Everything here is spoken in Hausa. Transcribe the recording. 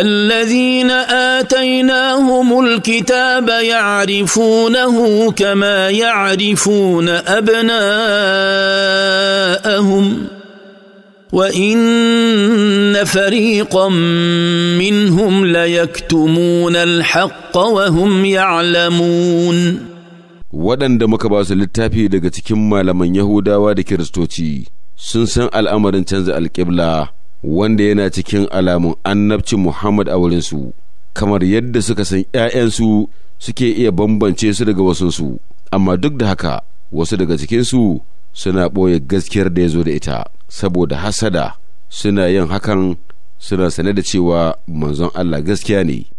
الذين اتيناهم الكتاب يعرفونه كما يعرفون ابناءهم وان فريقا منهم ليكتمون الحق وهم يعلمون waɗanda muka ba su littafi daga cikin malaman yahudawa da kiristoci sun san al'amarin canza alƙibla wanda yana cikin alamun annabcin Muhammad a wurinsu, kamar yadda suka san ‘ya'yansu suke iya bambance su daga wasunsu, amma duk da haka wasu daga cikinsu suna ɓoye gaskiyar da ya zo da ita, saboda hasada suna yin hakan suna sane da cewa manzon Allah gaskiya ne.